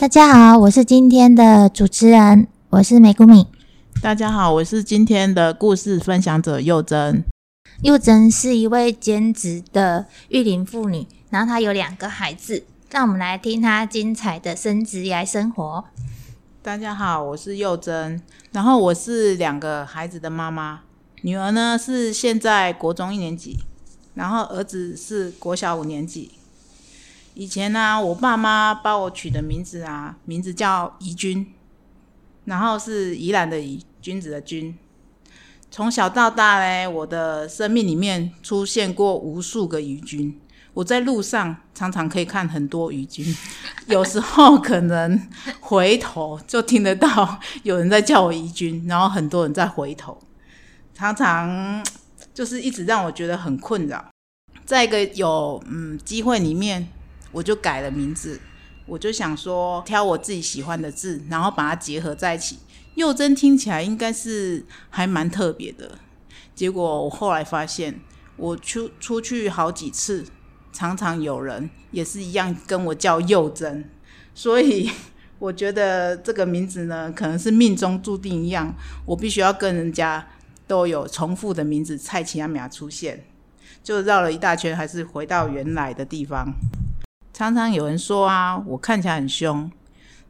大家好，我是今天的主持人，我是梅谷米。大家好，我是今天的故事分享者又甄。又甄是一位兼職的育齡婦女，然後她有兩個孩子，讓我們來聽她精彩的生職涯生活。大家好，我是又甄，然後我是兩個孩子的媽媽，女兒呢是現在國中一年級，然後兒子是國小五年級。以前呢、啊，我爸媽幫我取的名字啊，名字叫宜君，然後是宜蘭的宜，君子的君。從小到大呢，我的生命裡面出現過無數個宜君。我在路上常常可以看很多宜君， 有時候可能回頭就聽得到有人在叫我宜君，然後很多人在回頭，常常就是一直讓我覺得很困擾。在一個有嗯機會裡面。我就改了名字，我就想說，挑我自己喜歡的字，然後把它結合在一起。又甄聽起來應該是還蠻特別的。結果我後來發現，我出出去好幾次，常常有人也是一樣跟我叫又甄。所以我覺得這個名字呢，可能是命中注定一樣，我必須要跟人家都有重複的名字蔡奇阿米亞苗出現，就繞了一大圈，還是回到原來的地方。常常有人說啊，我看起來很兇。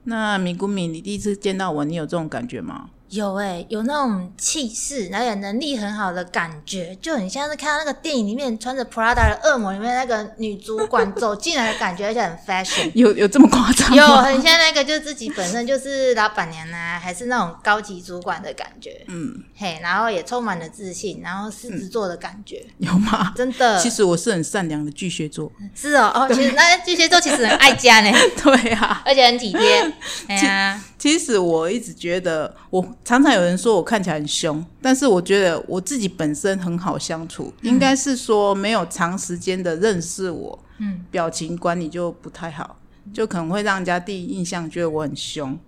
那米古米，你第一次見到我，你有這種感覺嗎？有哎、欸，有那種氣勢，而、那、且、個、能力很好的感覺，就很像是看到那個電影裡面穿着 Prada 的惡魔裡面那個女主管走進來的感覺， 而且很 fashion。有有這麼誇張？有很像那個，就自己本身就是老闆娘啊， 還是那種高級主管的感覺。嗯，嘿，hey, 然後也充滿了自信，然後獅子座的感覺、嗯、有嗎？真的？其實我是很善良的巨蟹座。是哦、喔、哦對、喔，其實那巨蟹座其實很愛家呢、 啊。對啊，而且很體貼。哎呀，其實我一直覺得我。常常有人說我看起來很兇，但是我覺得我自己本身很好相處。嗯、應該是說沒有長時間的認識我，嗯，表情管理就不太好，嗯、就可能會讓人家第一印象覺得我很兇。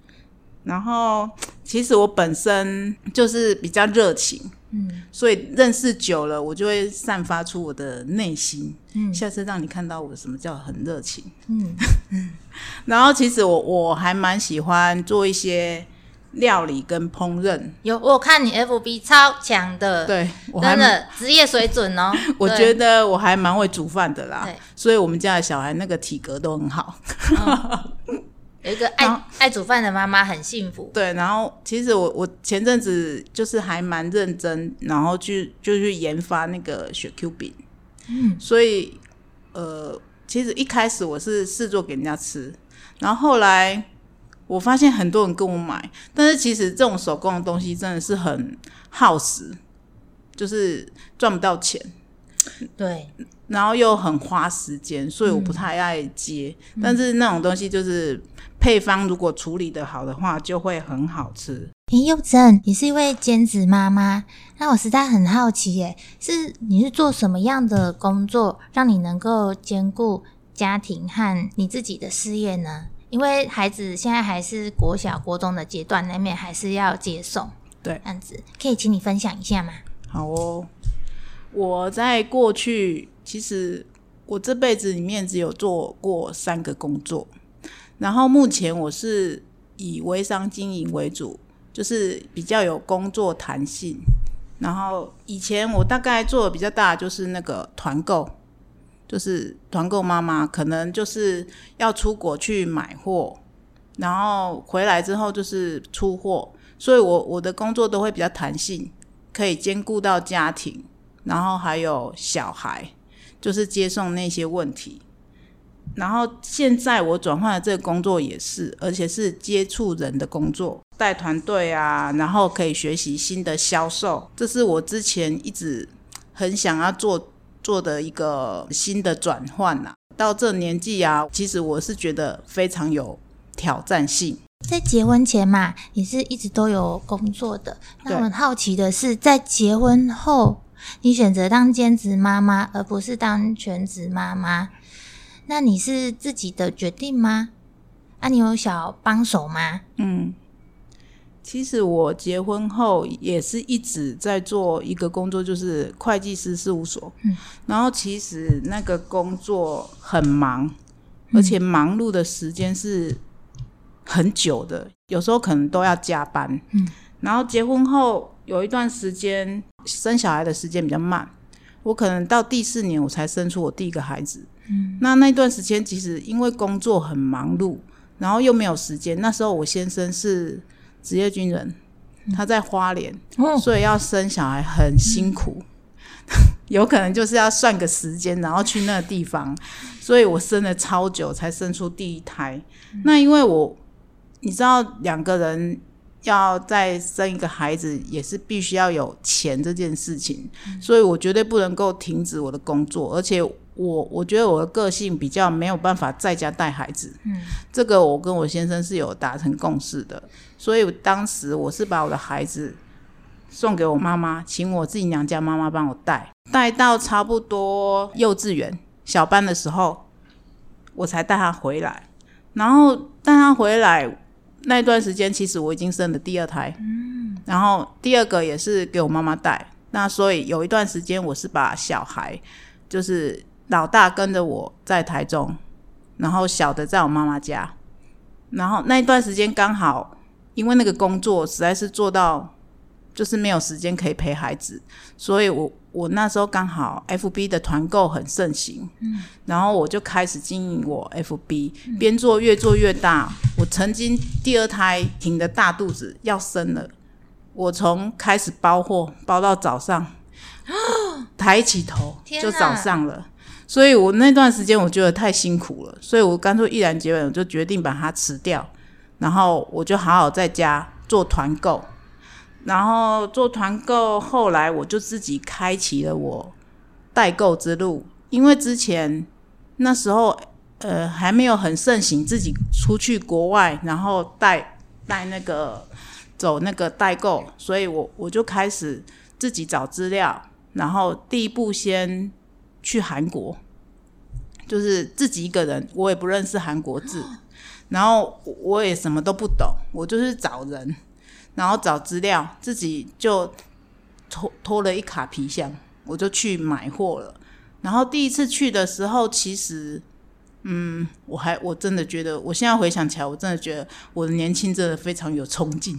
然後其實我本身就是比較熱情，嗯，所以認識久了我就會散發出我的內心，嗯，下次讓你看到我什麼叫很熱情。嗯，嗯。 然後其實我我還蠻喜歡做一些。料理跟烹飪有，我看你 F B 超強的，對，我真的職業水準哦。我覺得我還蠻會煮飯的啦，對所以我們家的小孩那個體格都很好，嗯、 有一個愛後愛煮飯的媽媽很幸福。對，然後其實我我前陣子就是還蠻認真，然後去就去研發那個雪 Q 餅，嗯，所以呃，其實一開始我是試做給人家吃，然後後來。我發現很多人跟我買，但是其實這種手工的東西真的是很耗時，就是賺不到錢，對，然後又很花時間，所以我不太愛接。嗯、但是那種東西就是配方如果處理得好的話，就會很好吃。哎、嗯，又、嗯、甄、欸，你是一位兼職媽媽，那我實在很好奇，耶，是你是做什麼樣的工作，讓你能夠兼顧家庭和你自己的事業呢？因為孩子現在還是國小、國中的階段，難免還是要接送。對，這樣子。對可以，請你分享一下嗎？好哦，我在過去，其實我這輩子裡面只有做過三個工作，然後目前我是以微商經營為主，就是比較有工作彈性。然後以前我大概做的比較大，就是那個團購。就是團購媽媽可能就是要出國去買貨，然後回來之後就是出貨，所以我我的工作都會比較彈性，可以兼顧到家庭，然後還有小孩，就是接送那些問題。然後現在我轉換的這個工作也是，而且是接觸人的工作，帶團隊啊，然後可以學習新的銷售，這是我之前一直很想要做做的一個新的轉換啊，到這年紀啊，其實我是覺得非常有挑戰性。在結婚前嘛，你是一直都有工作的。那我很好奇的是，對在結婚後，你選擇當兼職媽媽而不是當全職媽媽，那你是自己的決定嗎？啊，你有小幫手嗎？嗯。其實我結婚後也是一直在做一個工作，就是會計師事務所。嗯，然後其實那個工作很忙，嗯，而且忙碌的時間是很久的，有時候可能都要加班。嗯，然後結婚後有一段時間生小孩的時間比較慢，我可能到第四年我才生出我第一個孩子。嗯，那那段時間其實因為工作很忙碌，然後又沒有時間。那時候我先生是。職業軍人，他在花蓮，所以要生小孩很辛苦，哦、 有可能就是要算個時間，然後去那個地方，所以我生了超久才生出第一胎。那因為我你知道，兩個人要再生一個孩子，也是必須要有錢這件事情，所以我絕對不能夠停止我的工作，而且。我我覺得我的個性比較沒有辦法在家帶孩子，嗯，這個我跟我先生是有達成共識的，所以當時我是把我的孩子送給我媽媽，請我自己娘家媽媽幫我帶，帶到差不多幼稚園小班的時候，我才帶他回來，然後帶他回來那段時間，其實我已經生了第二胎，嗯，然後第二個也是給我媽媽帶，那所以有一段時間我是把小孩就是。老大跟着我在台中，然後小的在我媽媽家，然後那一段時間剛好因為那個工作實在是做到就是沒有時間可以陪孩子，所以我我那時候剛好 FB 的團購很盛行，嗯，然後我就開始經營我 FB，嗯，邊做越做越大，我曾經第二胎挺着大肚子要生了，我從開始包貨包到早上，哪抬起頭就早上了。所以我那段時間我覺得太辛苦了，所以我乾脆毅然決然，我就決定把它辭掉，然後我就好好在家做團購，然後做團購，後來我就自己開啟了我代購之路，因為之前那時候呃還沒有很盛行自己出去國外，然後帶帶那個走那個代購，所以我我就開始自己找資料，然後第一步先。去韓國，就是自己一個人，我也不認識韓國字，然後我也什麼都不懂，我就是找人，然後找資料，自己就拖拖了一卡皮箱，我就去買貨了。然後第一次去的時候，其實，嗯，我還我真的覺得，我現在回想起來，我真的覺得我的年輕真的非常有衝勁。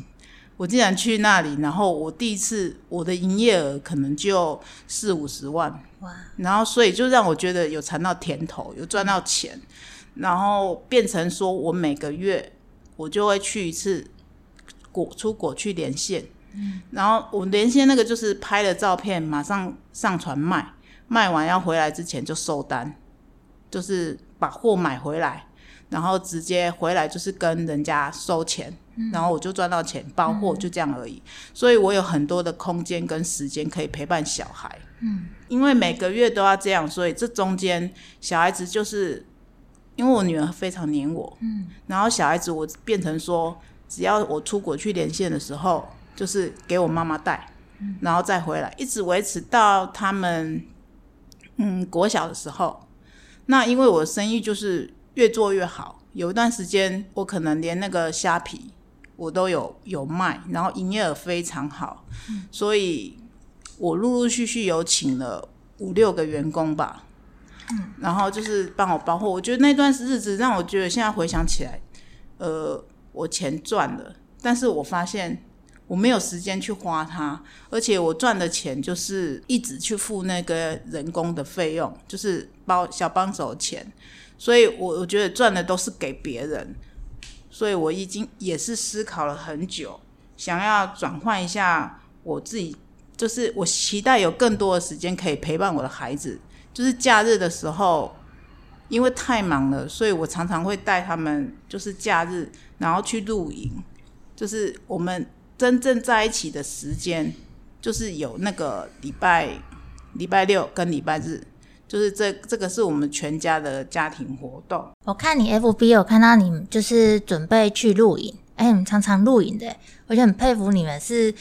我竟然去那裡，然後我第一次我的營業額可能就四五十萬，Wow. 然後所以就讓我覺得有嘗到甜頭，有賺到錢，然後變成說我每個月我就會去一次國出國去連線，嗯，然後我連線那個就是拍了照片馬上上傳賣，賣完要回來之前就收單，就是把貨買回來，然後直接回來就是跟人家收錢。嗯、然後我就賺到錢，包貨就這樣而已，嗯、所以我有很多的空間跟時間可以陪伴小孩。嗯、因為每個月都要這樣，所以這中間小孩子就是因為我女兒非常黏我，嗯、然後小孩子我變成說，只要我出國去連線的時候，嗯、就是給我媽媽帶，嗯、然後再回來，一直維持到他們嗯國小的時候。那因為我的生意就是越做越好，有一段時間我可能連那個蝦皮。我都有有賣，然後營業額非常好，嗯，所以我陸陸續續有請了五六個員工吧，嗯，然後就是幫我包貨。我覺得那段日子讓我覺得現在回想起來，呃，我錢賺了，但是我發現我沒有時間去花它，而且我賺的錢就是一直去付那個人工的費用，就是包小幫手的錢，所以我我覺得賺的都是給別人。所以我已經也是思考了很久，想要轉換一下我自己，就是我期待有更多的時間可以陪伴我的孩子。就是假日的時候，因為太忙了，所以我常常會帶他們，就是假日然後去露營。就是我們真正在一起的時間，就是有那個禮拜禮拜六跟禮拜日。就是這這個是我們全家的家庭活動。我看你 FB 我看到你，就是準備去露營。哎、欸，你們常常露營的，我就很佩服你們是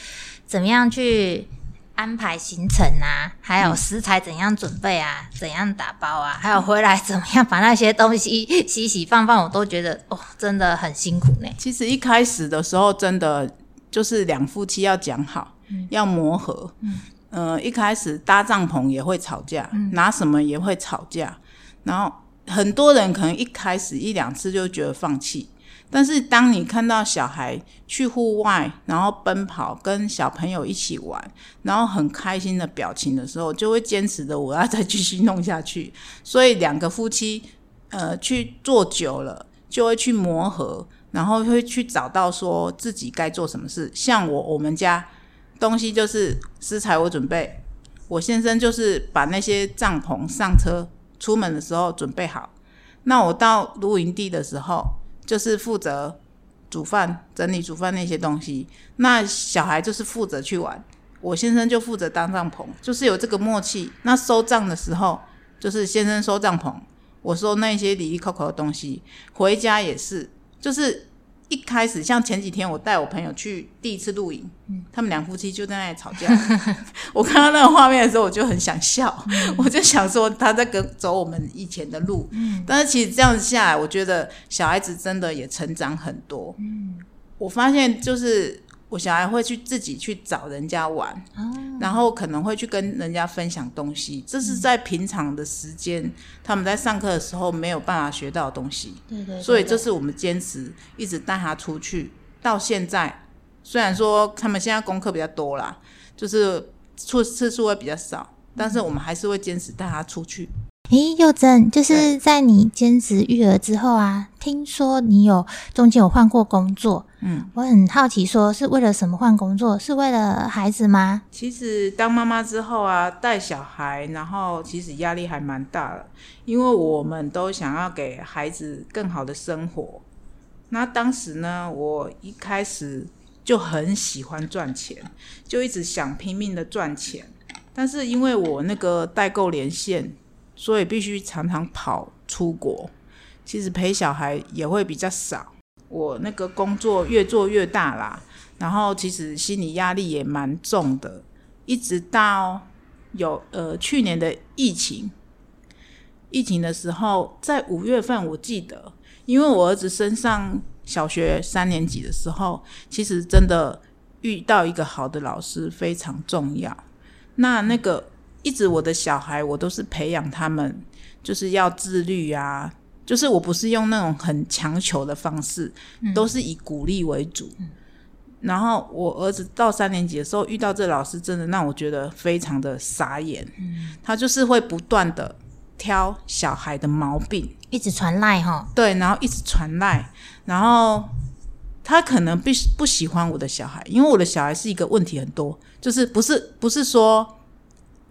怎麼樣去安排行程啊，還有食材怎樣準備啊，嗯、怎樣打包啊，還有回來怎麼樣把那些東西洗洗放放，我都覺得哦，真的很辛苦呢。其實一開始的時候，真的就是兩夫妻要講好，嗯、要磨合。嗯呃，一開始搭帳篷也會吵架，嗯、拿什麼也會吵架，然後很多人可能一開始一兩次就覺得放棄，但是當你看到小孩去戶外，然後奔跑，跟小朋友一起玩，然後很開心的表情的時候，就會堅持著我要再繼續弄下去。所以兩個夫妻，呃，去做久了就會去磨合，然後會去找到說自己該做什麼事。像我我們家。東西就是食材，我準備。我先生就是把那些帳篷上車，出門的時候準備好。那我到露營地的時候，就是負責煮飯、整理煮飯那些東西。那小孩就是負責去玩。我先生就負責搭帳篷，就是有這個默契。那收帳的時候，就是先生收帳篷，我收那些哩哩叩叩的東西。回家也是，就是。一開始，像前幾天我帶我朋友去第一次露營，嗯、他們兩夫妻就在那裡吵架了。 我看到那個畫面的時候，我就很想笑，嗯、我就想說他在跟走我們以前的路。嗯、但是其實這樣子下來，我覺得小孩子真的也成長很多。嗯、我發現就是。我小孩會去自己去找人家玩，哦、然後可能會去跟人家分享東西，這是在平常的時間，嗯、他們在上課的時候沒有辦法學到的東西。對對，對，對對，所以這是我們堅持一直帶他出去，到現在雖然說他們現在功課比較多啦，就是出次數會比較少，但是我們還是會堅持帶他出去。誒，又甄就是在你堅持育兒之後啊。聽說你有中間有換過工作，嗯，我很好奇，說是為了什麼換工作？是為了孩子嗎？其實當媽媽之後啊，帶小孩，然後其實壓力還蠻大的，因為我們都想要給孩子更好的生活。那當時呢，我一開始就很喜歡賺錢，就一直想拼命的賺錢，但是因為我那個代購連線，所以必須常常跑出國。其實陪小孩也會比較少，我那個工作越做越大啦，然後其實心理壓力也蠻重的。一直到有呃去年的疫情，疫情的時候，在五月份我記得，因為我兒子升上小學三年級的時候，其實真的遇到一個好的老師非常重要。那那個一直我的小孩，我都是培養他們，就是要自律啊。就是我不是用那種很強求的方式，嗯、都是以鼓勵為主。嗯、然後我兒子到三年級的時候遇到這老師，真的讓我覺得非常的傻眼。嗯、他就是會不斷的挑小孩的毛病，一直傳賴哈、哦。對，然後一直傳賴。然後他可能不不喜歡我的小孩，因為我的小孩是一個問題很多，就是不是不是說。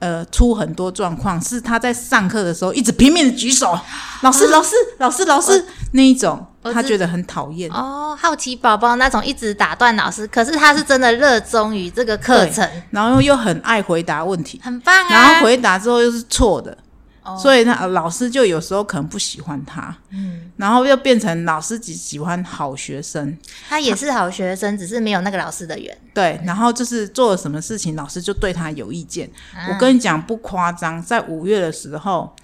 呃，出很多狀況，是他在上課的時候一直拼命的舉手，啊、老師，老師，老師，老師我，那一種我他覺得很討厭哦，好奇寶寶那種一直打斷老師，可是他是真的熱衷於這個課程，然後又很愛回答問題，很棒啊，然後回答之後又是錯的。Oh. 所以他老師就有時候可能不喜歡他，嗯，然後又變成老師只喜歡好學生。他也是好學生，啊，只是沒有那個老師的緣。對，對然後就是做了什麼事情，老師就對他有意見。啊，我跟你講不誇張，在五月的時候，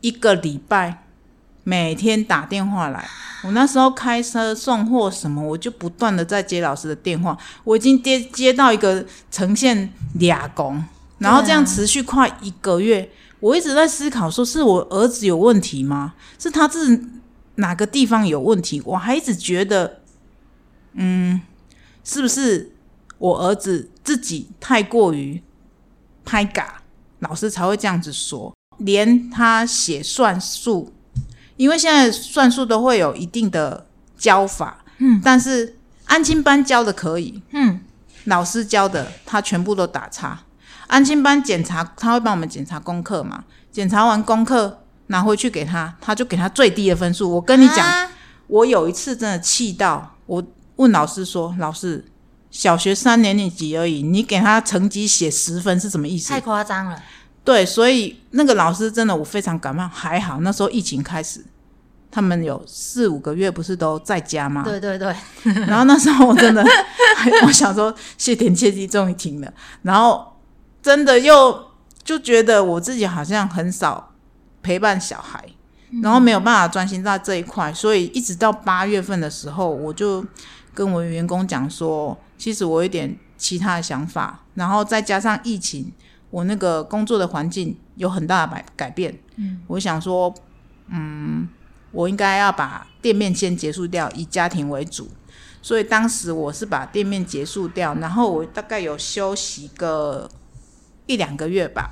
一個禮拜每天打電話來，我那時候開車送貨什麼，我就不斷的在接老師的電話。我已經接接到一個呈現抓狂，然後這樣持續快一個月。我一直在思考，說是我兒子有問題嗎？是他自己哪個地方有問題？我還一直覺得，嗯，是不是我兒子自己太過於拍嘎，老師才會這樣子說？連他寫算術，因為現在算術都會有一定的教法，嗯，但是安親班教的可以，嗯，老師教的他全部都打叉。安親班檢查他會幫我們檢查功課嘛？檢查完功課拿回去給他，他就給他最低的分數。我跟你講，啊、我有一次真的氣到，我問老師說：“老師，小學三年級而已，你給他成績寫十分是什麼意思？”太誇張了。對，所以那個老師真的我非常感冒。還好那時候疫情開始，他們有四五個月不是都在家嗎？對對對。然後那時候我真的， 我想說，謝天謝地終於停了。然後。真的又就覺得我自己好像很少陪伴小孩，嗯、然後沒有辦法專心在這一塊，所以一直到八月份的時候，我就跟我員工講說，其實我有點其他的想法，然後再加上疫情，我那個工作的環境有很大的改改變，嗯、我想說，嗯，我應該要把店面先結束掉，以家庭為主，所以當時我是把店面結束掉，然後我大概有休息個。一兩個月吧，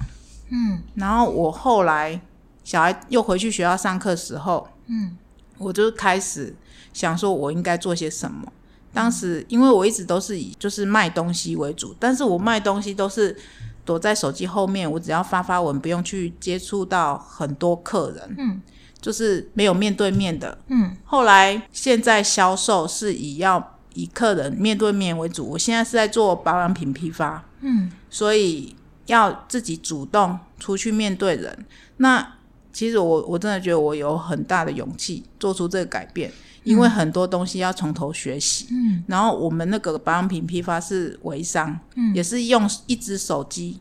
嗯，然後我後來小孩又回去學校上課時候，嗯，我就開始想說我應該做些什麼。當時因為我一直都是以就是賣東西為主，但是我賣東西都是躲在手機後面，我只要發發文，不用去接觸到很多客人，嗯，就是沒有面對面的，嗯，後來現在銷售是以要以客人面對面為主，我現在是在做保養品批發，嗯，所以，要自己主動出去面對人，那其實我我真的覺得我有很大的勇氣做出這個改變，因為很多東西要從頭學習。嗯，然後我們那個保養品批發是微商，嗯，也是用一隻手機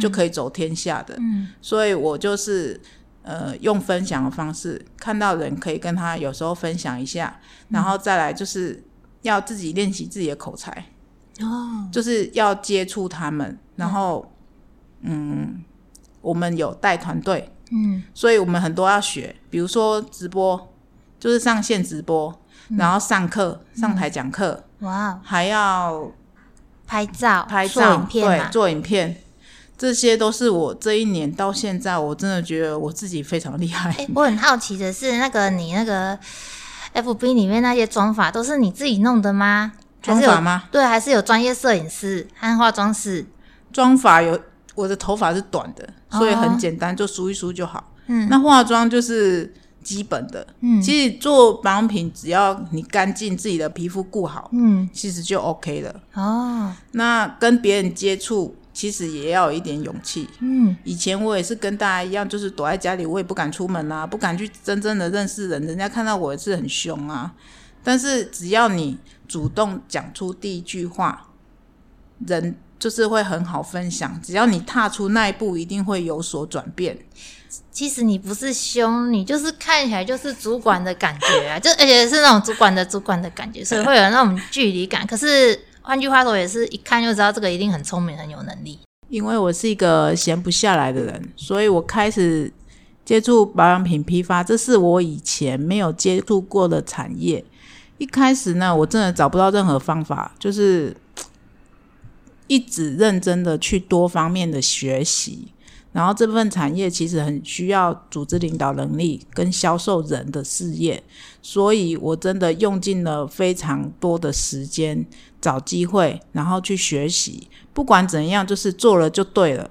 就可以走天下的。嗯，嗯，所以我就是呃用分享的方式，看到人可以跟他有時候分享一下，然後再來就是要自己練習自己的口才。哦，就是要接觸他們，然後，嗯。嗯，我們有帶團隊，嗯，所以我們很多要學，比如說直播，就是上線直播，嗯、然後上課上台講課，哇、嗯，還要拍照、拍照、對，做影片，這些都是我這一年到現在，我真的覺得我自己非常厲害、欸。我很好奇的是，那個你那個 F B 裡面那些妝髮都是你自己弄的嗎？妝髮嗎？對，還是有專業攝影師和化妝師妝髮有。我的頭髮是短的，所以很簡單，Oh. 就梳一梳就好。嗯、那化妝就是基本的。嗯、其實做保養品，只要你乾淨自己的皮膚，顧好，嗯、其實就 OK 了。Oh. 那跟別人接觸，其實也要有一點勇氣。嗯、以前我也是跟大家一樣，就是躲在家裡，我也不敢出門啊，不敢去真正的認識人，人家看到我也是很兇啊。但是只要你主動講出第一句話，人。就是會很好分享，只要你踏出那一步，一定會有所轉變。其實你不是凶，你就是看起來就是主管的感覺啊， 就而且是那種主管的主管的感覺，所以會有那種距離感。 可是換句話說，也是一看就知道這個一定很聰明、很有能力。因為我是一個閒不下來的人，所以我開始接觸保養品批發，這是我以前沒有接觸過的產業。一開始呢，我真的找不到任何方法，就是。一直認真的去多方面的學習，然後這份產業其實很需要組織領導能力跟銷售人的事業，所以我真的用盡了非常多的時間找機會，然後去學習。不管怎樣，就是做了就對了。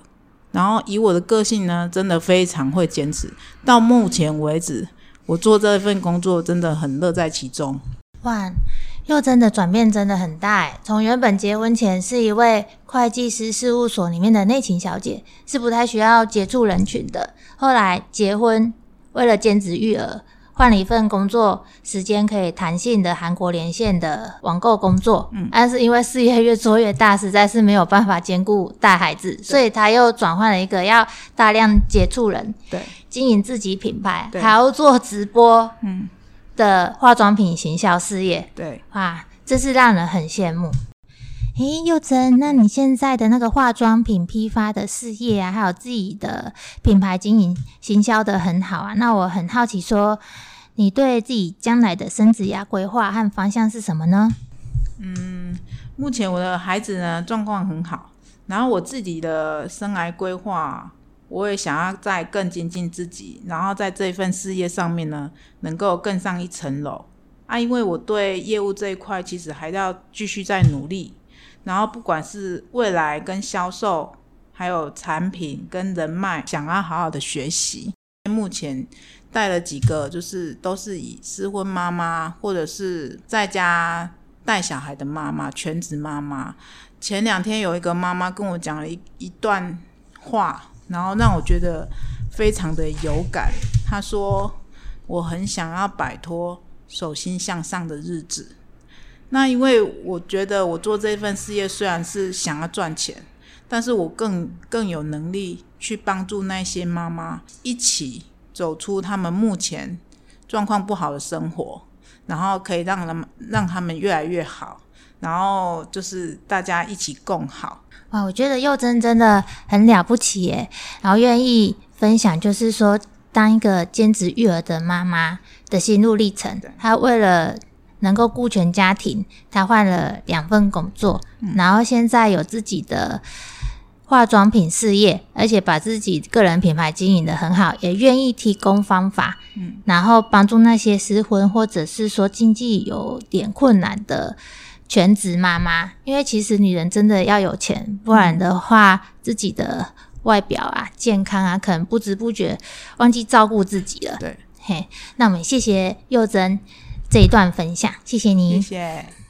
然後以我的個性呢，真的非常會堅持。到目前為止，我做這份工作真的很樂在其中。就真的轉變真的很大欸，從原本結婚前是一位會計師事務所裡面的內勤小姐，是不太需要接觸人群的。後來結婚，為了兼職育兒，換了一份工作，時間可以彈性的韓國連線的網購工作。嗯，但是因為事業越做越大，實在是沒有辦法兼顧帶孩子，對所以他又轉換了一個要大量接觸人，對，經營自己品牌，對還要做直播，嗯。的化妝品行銷事業，對，哇、啊，這是讓人很羨慕。哎，又甄，那你現在的那個化妝品批發的事業啊，還有自己的品牌經營行銷得很好啊，那我很好奇說，說你對自己將來的生涯呀、規劃和方向是什麼呢？嗯，目前我的孩子呢狀況很好，然後我自己的生涯規劃。我也想要再更精進自己，然後在這份事業上面呢，能夠更上一層樓啊！因為我對業務這一塊其實還要繼續在努力，然後不管是未來跟銷售，還有產品跟人脈，想要好好的學習。目前帶了幾個，就是都是以失婚媽媽，或者是在家帶小孩的媽媽，全職媽媽。前兩天有一個媽媽跟我講了一一段話。然後讓我覺得非常的有感。他說：“我很想要擺脫手心向上的日子。那因為我覺得我做這份事業雖然是想要賺錢，但是我更更有能力去幫助那些媽媽一起走出他們目前狀況不好的生活，然後可以讓他們讓他們越來越好。”然後就是大家一起共好哇，我覺得又甄真，真的很了不起耶，然後願意分享，就是說當一個兼職育兒的媽媽的心路歷程。對她為了能夠顧全家庭，她換了兩份工作，嗯、然後現在有自己的化妝品事業，而且把自己個人品牌經營得很好，也願意提供方法，嗯、然後幫助那些失婚或者是說經濟有點困難的全職媽媽，因為其實女人真的要有錢，不然的話，自己的外表啊、健康啊，可能不知不覺忘記照顧自己了。對，嘿，那我們謝謝又甄這一段分享，謝謝你。謝謝。